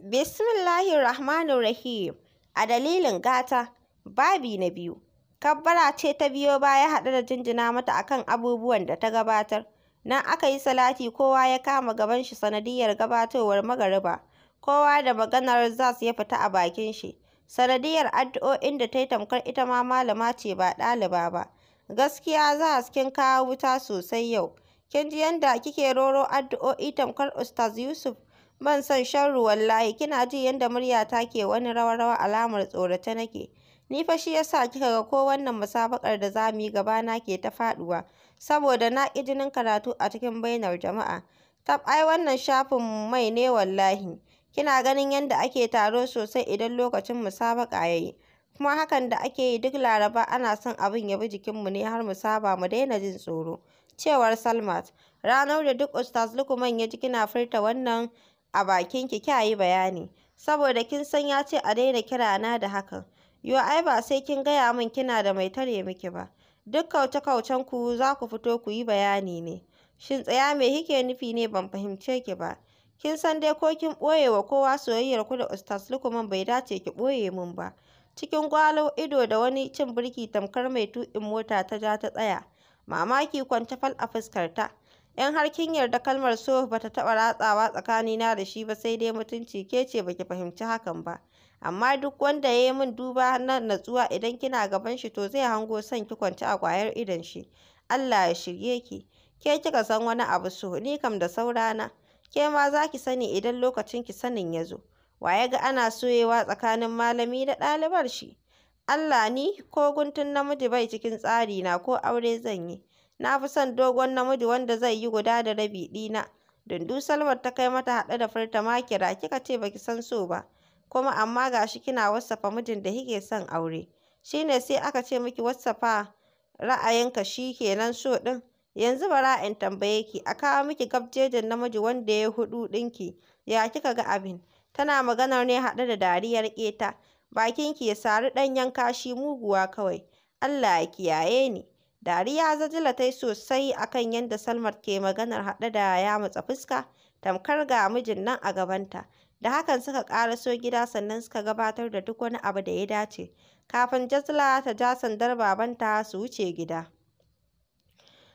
Bismillahirrahmanirrahim. A dalilin gata, babi na biyu. Kabbara ce ta biyo baya haɗe da jinjina mata a kan abubuwan da ta gabatar. Nan aka yi salati kowa ya kama gaban shi sanadiyar gabatowar magariba. Kowa da maganar zas ya fita a bakin shi. Sanadiyar addu'o'in da ta yi tamkar ita ma malama ce ba ɗaliba ba. Gaskiya zas kin kawo wuta sosai yau. Kin ji yadda kike roro addu'o'i tamkar Ustaz Yusuf. Ban son ruwan wallahi, kina ji yadda muryata ke wani rawa-rawa alamar tsorata nake. Ni fa shi yasa kika ga ko wannan musabakar da za mu yi gabana ke ta faduwa, saboda na ƙi jinin karatu a cikin bainar jama'a. Tab ai wannan shafin mai ne wallahi. Kina ganin yadda ake taro sosai idan lokacin musabaka ya yi. Kuma hakan da ake yi duk Laraba ana son abin ya bi jikinmu ne har mu saba mu daina jin tsoro. Cewar Salmat, ranar da duk Ustaz Lukuman ya ji kina furta wannan a bakin, bakinki kya yi bayani, saboda kin san ya ce a daina kira na da hakan. Yo ai ba sai kin gaya min kina da mai tare miki ba. Duk kauce kaucen ku za ku fito ku yi bayani ne. Shin tsaya mai kike nufi ne ban fahimce ki ba. Kin san dai ko kin boye wa kowa soyayyar ku da Ustaz Lukman bai dace ki ɓoye min ba. Cikin gwalo, ido da wani cin birki tamkar mai tuƙin mota ta ja ta tsaya. Mamaki kwanta fal a fuskarta. Yan har kin yarda kalmar so ba ta taɓa ratsawa tsakanina da shi ba sai dai mutunci ke ce baki fahimci hakan ba amma duk wanda ya yi min duba na natsuwa idan kina gaban shi to zai hango son ki kwance a ƙwayar idon shi Allah ya shirye ki ke kika san wani abu so ni kam da saurana ke ma za ki sani idan lokacin ki sanin ya zo wa ya ga ana soyewa tsakanin malami da ɗalibar shi Allah ni ko guntun namiji bai cikin tsarina, ko aure zan yi Na fi son dogon namiji wanda zai yi guda da rabi ɗina. Dundu Salmar ta kai mata haɗe da furta kira kika ce baki san so ba. Kuma amma gashi kina wasafa mijin da kike son aure. Shi ne sai aka ce miki wasafa ra'ayinka shi kenan so ɗin. Yanzu bara in tambaye ki a kawo miki gabjejin namiji wanda ya huɗu ɗinki. Ya kika ga abin? Tana maganar ne haɗe da dariyar ƙeta. Bakinki ya sari ɗanyen kashi muguwa kawai. Allah ya kiyaye ni. Dariya Zajila ta yi sosai a kan yadda Salmat ke maganar haɗe da ya matsa fuska tamkar ga mijin nan a gabanta. Da hakan suka so gida sannan suka gabatar da duk wani abu da ya dace kafin Jazla ta ja sandar babanta su wuce gida.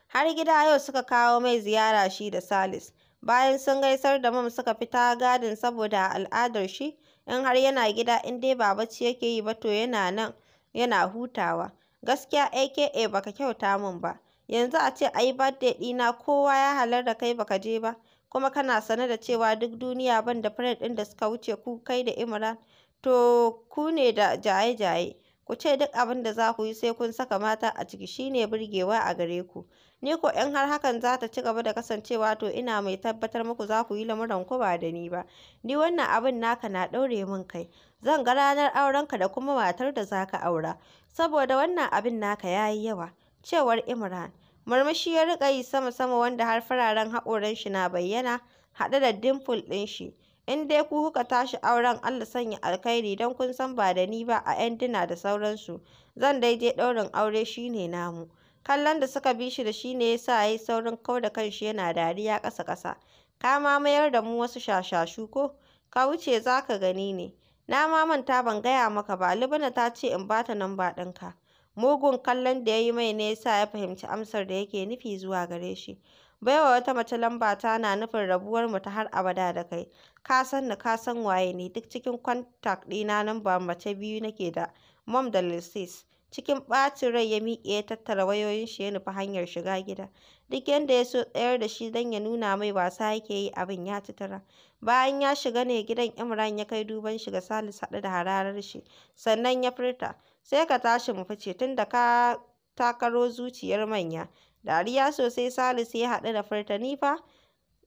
Har gida yau suka kawo mai ziyara shi da Salis. Bayan sun gaisar da mam suka fita gadin saboda al'adar shi in har yana gida in dai ba yake yi ba to yana nan yana hutawa. gaskiya aka baka kyauta min ba yanzu a ce ayi birthday dina kowa ya halarta kai baka je ba kuma kana sane da cewa duk duniya ban da friend ɗin da suka wuce ku kai da Imran to ku ne da jaye-jaye ku ce duk abin da za ku yi sai kun saka mata a ciki shine burgewa a gare ku Ni ko in har hakan za ta ci gaba da kasancewa to ina mai tabbatar muku za ku yi lamuran ku ba da ni ba. Ni wannan abin naka na ɗaure min kai. Zan ga ranar aurenka da kuma matar da za ka aura. Saboda wannan abin naka ya yi yawa. Cewar Imran. Murmushi ya riƙa yi sama-sama wanda har fararen haƙoran shi na bayyana haɗe da dimple ɗin shi. in dai ku kuka tashi auren Allah sanya alkhairi don kun san ba da ni ba a 'yan dina da sauransu zan daidai je ɗaurin aure shine namu kallon da suka bi shi da shi ne ya sa ya yi saurin kau da kanshi yana dariya ƙasa-ƙasa ka ma mayar da mu wasu shashashu ko ka wuce za ka gani ne na ma manta ban gaya maka ba libna ta ce in bata ba ɗinka mugun kallon da ya yi mai ne ya sa ya fahimci amsar da yake nufi zuwa gare shi baiwa wata mace lamba ta na nufin rabuwar mu ta har abada da kai ka san ni ka san waye ne duk cikin kwantak ɗina namba mace biyu nake da mom da lissis cikin ɓacin rai ya miƙe ya tattara wayoyin shi ya nufi hanyar shiga gida duk yadda ya so tsayar da shi don ya nuna mai wasa yake yi abin ya titira bayan ya shiga ne gidan imran ya kai duban shi ga salisu haɗu da hararar shi sannan ya furta sai ka tashi mu fice tunda ka takaro zuciyar manya dariya sosai salisu ya haɗu da furta ni fa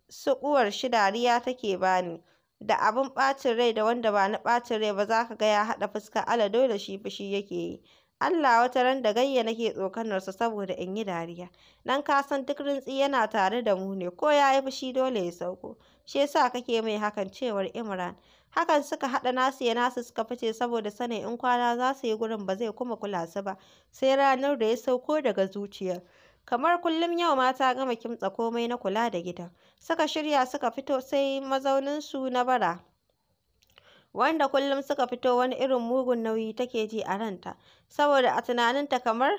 suƙuwar shi dariya take bani da abin ɓacin rai da wanda ba na ɓacin rai ba za ka ga ya haɗa fuska ala dole shi fushi yake yi Allah wata ran da gayya nake tsokanarsa saboda in yi dariya. Dan ka san duk rintsi yana tare da mu ne, ko ya yi fushi dole ya sauko. Shi yasa kake mai hakan cewar Imran. Hakan suka haɗa nasu ya nasu suka fice saboda sanin in kwana za su yi gurin ba zai kuma kula su ba, sai ranar da ya sauko daga zuciyar. Kamar kullum yau ma ta gama kimtsa komai na kula da gidan. Suka shirya suka fito sai mazauninsu na bara. wanda kullum suka fito wani irin mugun nauyi take ji a ranta saboda a tunaninta kamar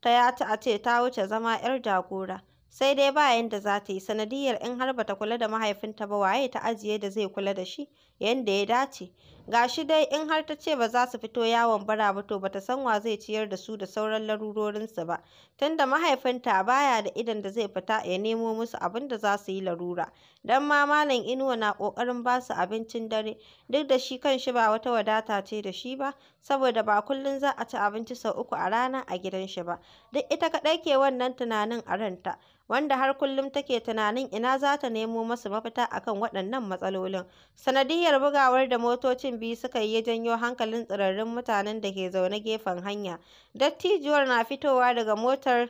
ta ya ta a ce ta wuce zama 'yar jagora sai dai ba yanda za ta yi sanadiyar in har bata kula da mahaifinta ba waye ta ajiye da zai kula da shi yanda ya dace Ga shi dai in har ta ce ba za su fito yawon bara ba to bata san wa zai ciyar da su da sauran larurorinsu ba tunda mahaifinta baya da idon da zai fita ya nemo musu abin da za su yi larura dan ma malam inuwa na kokarin ba su abincin dare duk da shi kanshi ba wata wadata ce da shi ba saboda ba kullum za a ci abinci sau uku a rana a gidan shi ba duk ita kadai ke wannan tunanin a ranta wanda har kullum take tunanin ina za ta nemo masu mafita akan waɗannan matsalolin sanadiyar bugawar da motocin mutum biyu suka yi ya janyo hankalin tsirarrun mutanen da ke zaune gefen hanya. Dattijuwar na fitowa daga motar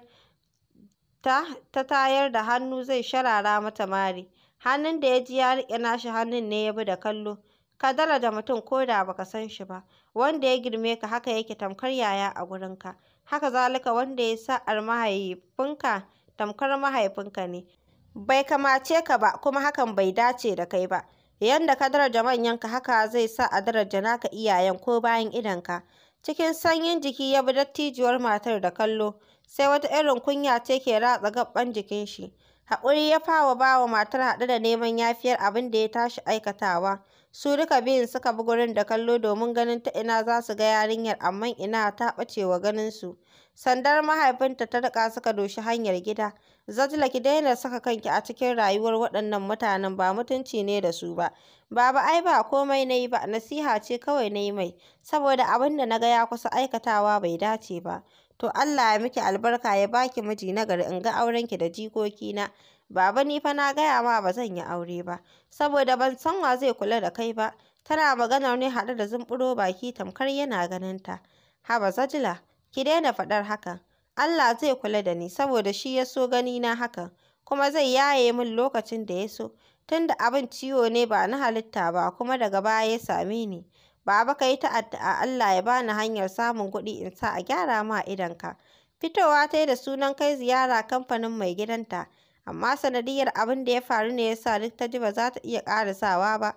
ta, tayar da hannu zai sharara mata mari. Hannun da ya ji ya riƙe nashi hannun ne ya bi da kallo. Ka da mutum ko da baka san shi ba. Wanda ya girme ka haka yake tamkar yaya a gurinka. Haka zalika wanda ya sa'ar mahaifinka tamkar mahaifinka ne. Bai kamace ka ba kuma hakan bai dace da kai ba. Yanda ka daraja manyanka haka zai sa a daraja naka iyayen ko bayan idonka. Cikin sanyin jiki ya bi dattijuwar matar da kallo, sai wata irin kunya ce ke ratsa gaban jikin shi. Haƙuri ya fawa bawa matar haɗe da neman yafiyar abin da ya tashi aikatawa. su duka biyun suka bi gurin da kallo domin ganin ta ina za su ga yarinyar amma ina ta bacewa wa su sandar mahaifinta ta rika suka doshi hanyar gida zajla ki daina saka kanki a cikin rayuwar waɗannan mutanen ba mutunci ne da su ba baba ai ba komai na yi ba nasiha ce kawai na yi mai saboda abin da na ga ya kusa aikatawa bai dace ba to Allah ya miki albarka ya baki miji na gari in ga aurenki da jikokina Baba ni fa na gaya ma ba zan yi aure ba, saboda ban san wa zai kula da kai ba. Tana maganar ne haɗe da zumburo baki tamkar yana ganin ta. Haba zajila. ki daina faɗar hakan. Allah zai kula da ni saboda shi ya so gani na hakan, kuma zai yaye min lokacin da ya so. Tunda abin ciwo ne ba na halitta ba kuma daga baya ya same ni. Baba ka yi ta addu'a Allah ya bani hanyar samun kuɗi in sa a gyara ma ka. Fitowa ta yi da sunan kai ziyara kamfanin mai gidanta. amma sanadiyar abin da ya faru ne ya sa duk ta ji ba za ta iya ƙarasawa ba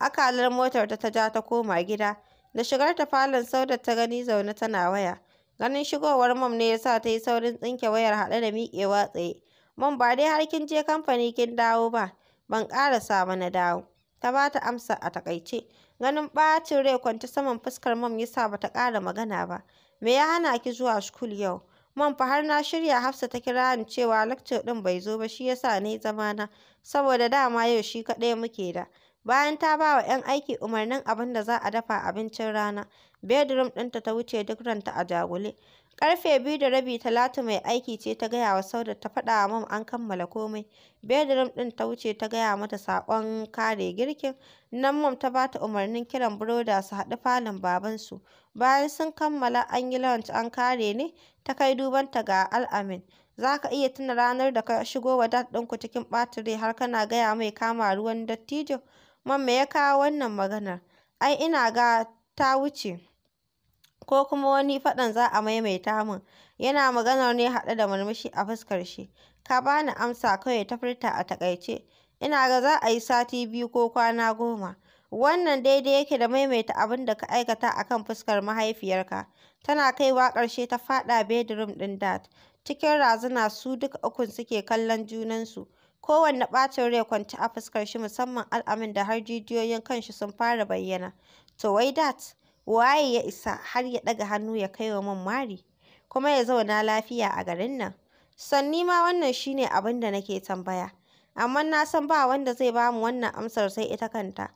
akalar motar ta ta ja ta koma gida da shigar ta falon saudat ta gani zaune tana waya ganin shigowar mam ne ya sa ta yi saurin tsinke wayar haɗe da miƙewa tsaye mam ba dai har kin je kamfani kin dawo ba ban ƙarasa ba na dawo ta ba ta amsa a takaice ganin ɓacin rai kwance saman fuskar mam ya sa ba ta ƙara magana ba me ya hana ki zuwa shukul yau Man fa har na shirya Hafsa ta kira ni cewa lecture ɗin bai zo ba shi yasa ni zama na saboda dama yau shi kaɗai muke da. Bayan ta ba wa 'yan aiki umarnin abin da za a dafa abincin rana, bedroom ɗinta ta wuce duk ranta a jagule. Karfe biyu da rabi Talatu mai aiki ce ta gaya wa Sauda ta faɗa wa mam an kammala komai. Bedroom ɗin ta wuce ta gaya mata saƙon kare girkin. Nan mam ta ba ta umarnin kiran buroda su haɗu falon babansu. Bayan sun kammala an yi lunch an kare ne, ta kai dubanta ga al'amin Za ka iya tuna ranar da ka shigo wa dad ɗinku cikin batiri har kana gaya mai kama ruwan dattijo? Man me ya kawo wannan maganar? Ai ina ga ta wuce. Ko kuma wani faɗan za a maimaita min. Yana maganar ne haɗe da murmushi a fuskar shi. Ka bani amsa kawai ta furta a taƙaice. Ina ga za a yi sati biyu ko kwana goma. Wannan daidai yake da maimaita abin da ka aikata a kan fuskar mahaifiyarka. Tana kaiwa ƙarshe ta faɗa bedroom ɗin Dat. Cikin razana su duka ukun suke kallon junansu. Kowanne ɓacin rai kwance a fuskar shi musamman al'amin da har jijiyoyin kanshi sun fara bayyana. To wai dat, waye ya isa har ya ɗaga hannu ya kai wa man mari? Kuma ya zauna lafiya a garin nan? Sanni ma wannan shine abin da nake tambaya. Amma na san ba wanda zai bamu wannan amsar sai ita kanta.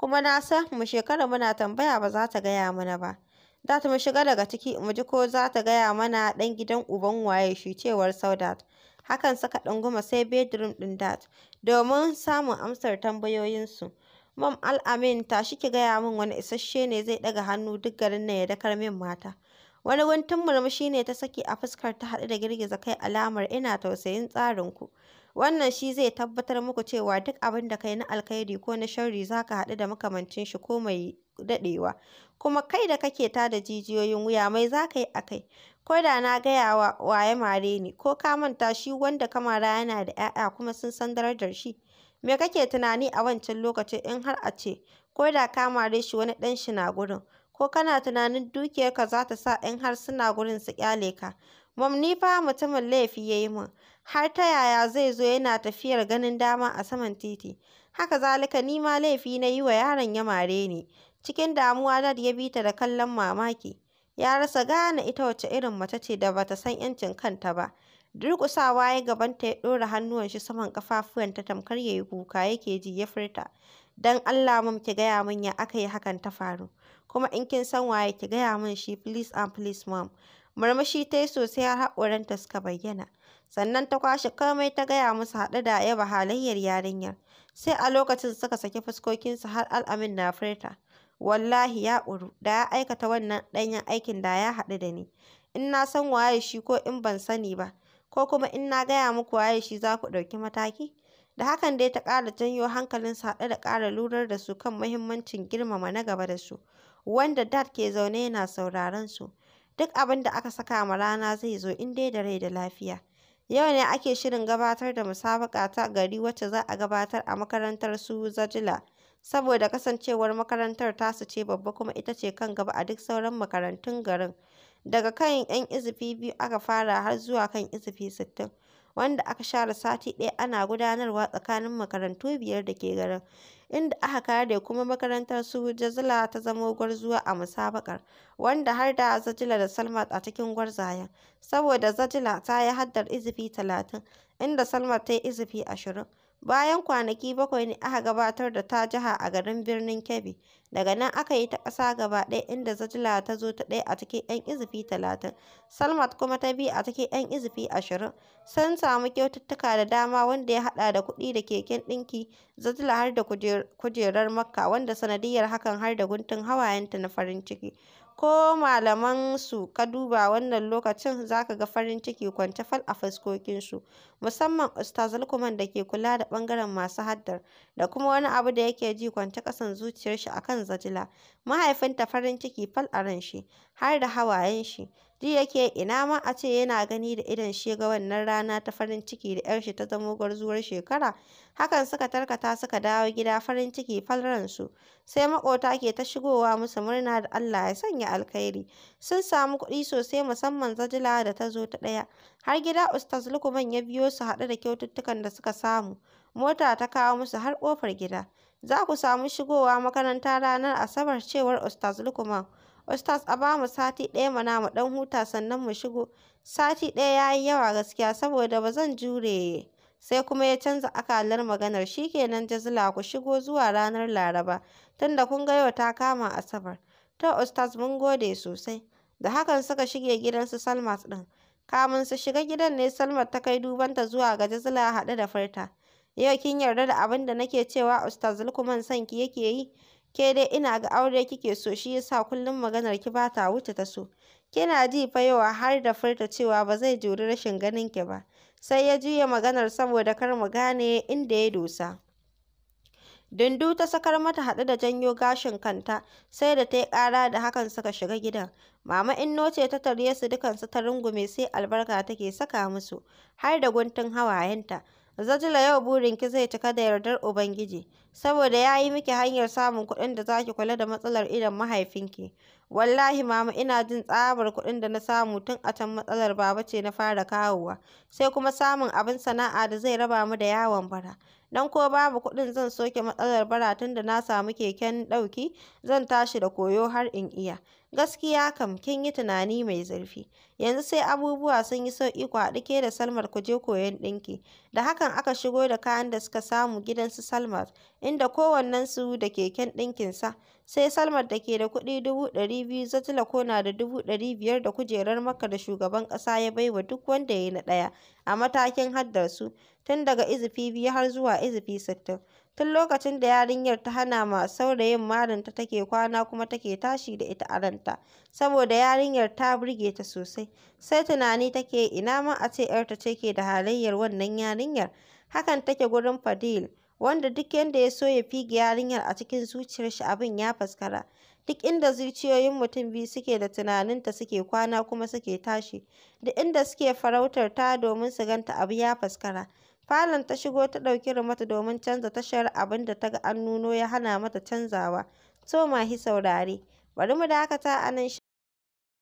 kuma na san mu shekara muna tambaya ba za ta gaya mana ba. Da ta mu shiga daga ciki mu ji ko za ta gaya mana ɗan gidan uban waye shi cewar Saudat. Hakan suka ɗunguma sai bedroom ɗin Dat domin samun amsar tambayoyinsu. Mam Al'amin tashi ki gaya min wani isasshe ne zai ɗaga hannu duk garin nan ya dakar min mata. Wani guntun murmushi ne ta saki a fuskar ta haɗu da girgiza kai alamar ina tausayin tsarin ku. Wannan shi zai tabbatar muku cewa duk abin da kai na alkhairi ko na sharri za ka haɗu da makamancin shi ko mai daɗewa. Kuma kai da kake tada jijiyoyin wuya mai za ka yi a kai. Ko da na gaya wa waye mare ni ko ka manta shi wanda kamara yana da 'ya'ya kuma sun san darajar shi. Me kake tunani a wancan lokacin in har a ce ko da ka mare shi wani ɗan shi na gurin. ko kana tunanin dukiyarka za ta sa in har suna gurin su kyale ka. Mam ni fa mutumin laifi ya yi min, har ta yaya zai zo yana tafiyar ganin dama a saman titi. Haka zalika ni ma laifi na yi wa yaron ya mare ni. Cikin damuwa Dad ya bi ta da kallon mamaki. Ya rasa gane ita wace irin mace ce da bata san 'yancin kanta ba. Durƙusawa ya gabanta ya ɗora hannuwan shi saman kafafuwan ta tamkar ya yi kuka yake ji ya furta. Don Allah mun ki gaya min ya aka yi hakan ta faru. Kuma in kin san waye ki gaya min shi please and please mom. Murmushi ta yi sosai har haƙoranta suka bayyana. sannan ta kwashe komai ta gaya musu haɗe da yaba halayyar yarinyar sai a lokacin suka saki fuskokinsu har al'amin na furta wallahi ya ƙuru da ya aikata wannan ɗanyen aikin da ya haɗu da ni in na san waye shi ko in ban sani ba ko kuma in na gaya muku waye shi za ku ɗauki mataki da hakan dai ta ƙara janyo hankalinsu haɗe da ƙara lurar da su kan muhimmancin girmama na gaba da su wanda dad ke zaune yana sauraron su duk abin da aka saka ma rana zai zo in dai da rai da lafiya Yau ne ake shirin gabatar da musabaka ta gari wacce za a gabatar a makarantar su Zajila, saboda kasancewar makarantar tasu ce babba kuma ita ce kan gaba a duk sauran makarantun garin. Daga kan 'yan izifi biyu aka fara har zuwa kan izifi sittin. wanda aka share sati ɗaya ana gudanarwa tsakanin makarantu biyar da ke garin, inda aka kare kuma makarantar su Jazila ta zamo gwarzuwa a musabakar, wanda har da Zajila da Salmat a cikin gwarzayen, saboda Zajila ta yi haddar izifi talatin, inda Salmat ta yi izifi ashirin. Bayan kwanaki bakwai ne aka gabatar da tajaha a garin birnin Kebbi, daga nan aka yi ta ƙasa gaba ɗaya inda zajila ta zo ta ɗaya a cikin 'yan izifi talatin Salmat kuma ta biyu a cikin 'yan izifi ashirin Sun samu kyaututtuka da dama wanda ya haɗa da kuɗi da keken ɗinki, zajila har da kujerar Makka wanda sanadiyar hakan har da guntun hawayenta na farin ciki. ko malaman su ka duba wannan lokacin za ka ga farin ciki kwance fal a fuskokinsu musamman Ustaz Lukman da ke kula da ɓangaren masu haddar da kuma wani abu da yake ji kwance kasan zuciyarshi a kan Zajila mahaifinta farin ciki fal a ran shi har da hawayen shi duk yake ina ma a ce yana gani da idon shi ga wannan rana ta farin ciki da 'yar shi ta zamo gwarzuwar shekara. Hakan suka tarkata suka dawo gida farin ciki falran su Sai maƙota ke ta shigowa musu murna da Allah ya sanya alkhairi. Sun samu kuɗi sosai musamman Zajila da ta zo ta ɗaya. Har gida Ustaz lukuman ya biyo su haɗu da kyaututtukan da suka samu. Mota ta kawo musu har ƙofar gida. Za ku samu shigowa makaranta ranar Asabar cewar Ustaz lukuman Ustaz a bamu sati ɗaya mana mu ɗan huta sannan mu shigo. Sati ɗaya ya yi yawa gaskiya saboda ba zan jure. Sai kuma ya canza akalar maganar shi kenan jazila ku shigo zuwa ranar Laraba tunda kun ga yau ta kama Asabar. To Ustaz mun gode sosai. Da hakan suka shige gidansu Salmas din. Kamun su shiga gidan ne Salmat ta kai dubanta zuwa ga jazila haɗe da farta. Yau kin yarda da abin da nake cewa Ustaz lukuman sanki yake yi? Ke dai ina ga aure kike so shi yasa kullum maganar ki ba ta wuce ta so. Kina ji fa yawa har da furta cewa ba zai juri rashin ganin ki ba. Sai ya juya maganar saboda kar mu gane inda ya dosa. Dundu ta sakar mata haɗe da janyo gashin kanta, sai da ta yi ƙara da hakan suka shiga gidan. Mama Inno ce ta tarye su dukansu ta rungume sai albarka take saka musu, har da guntun hawayenta. Zajila yau burinki zai cika da yardar Ubangiji, saboda ya yi miki hanyar samun kuɗin da za ki kula da matsalar idon mahaifinki. Wallahi mama ina jin tsabar kuɗin da na samu tun a can matsalar baba ce na fara kawowa, sai kuma samun abin sana'a da zai raba mu da yawon bara. Dan ko babu kuɗin zan soke matsalar bara tun da na samu keken ɗauki, zan tashi da koyo har in iya. Gaskiya kam kin yi tunani mai zurfi. Yanzu sai abubuwa sun yi sauƙi ku haɗu ke da salmar ku je koyon ɗinki. Da hakan aka shigo da kayan da suka samu gidan su salmar inda kowannensu da keken ɗinkinsa. Sai salmar da ke da kuɗi dubu ɗari biyu Zatila kona da dubu ɗari biyar da kujerar maka da shugaban ƙasa ya baiwa duk wanda ya yi na ɗaya a matakin haddarsu tun daga izifi biyu har zuwa izifi sittin. Tun lokacin da yarinyar ta hana ma saurayin marinta take kwana kuma take tashi da ita a ranta, saboda yarinyar ta burge ta sosai. Sai tunani take ina ma a ce 'yarta ce ke da halayyar wannan yarinyar. Hakan take gurin Fadil, wanda duk yanda ya so ya fige yarinyar a cikin zuciyar shi abin ya faskara. Duk inda zuciyoyin mutum biyu suke da tunaninta suke kwana kuma suke tashi, duk inda suke farautar ta domin su ganta abu ya faskara. Falon ta shigo ta ɗauki remote domin canza tashar abin da ta ga an nuno ya hana mata canzawa. ma hi saurare, bari mu dakata a nan.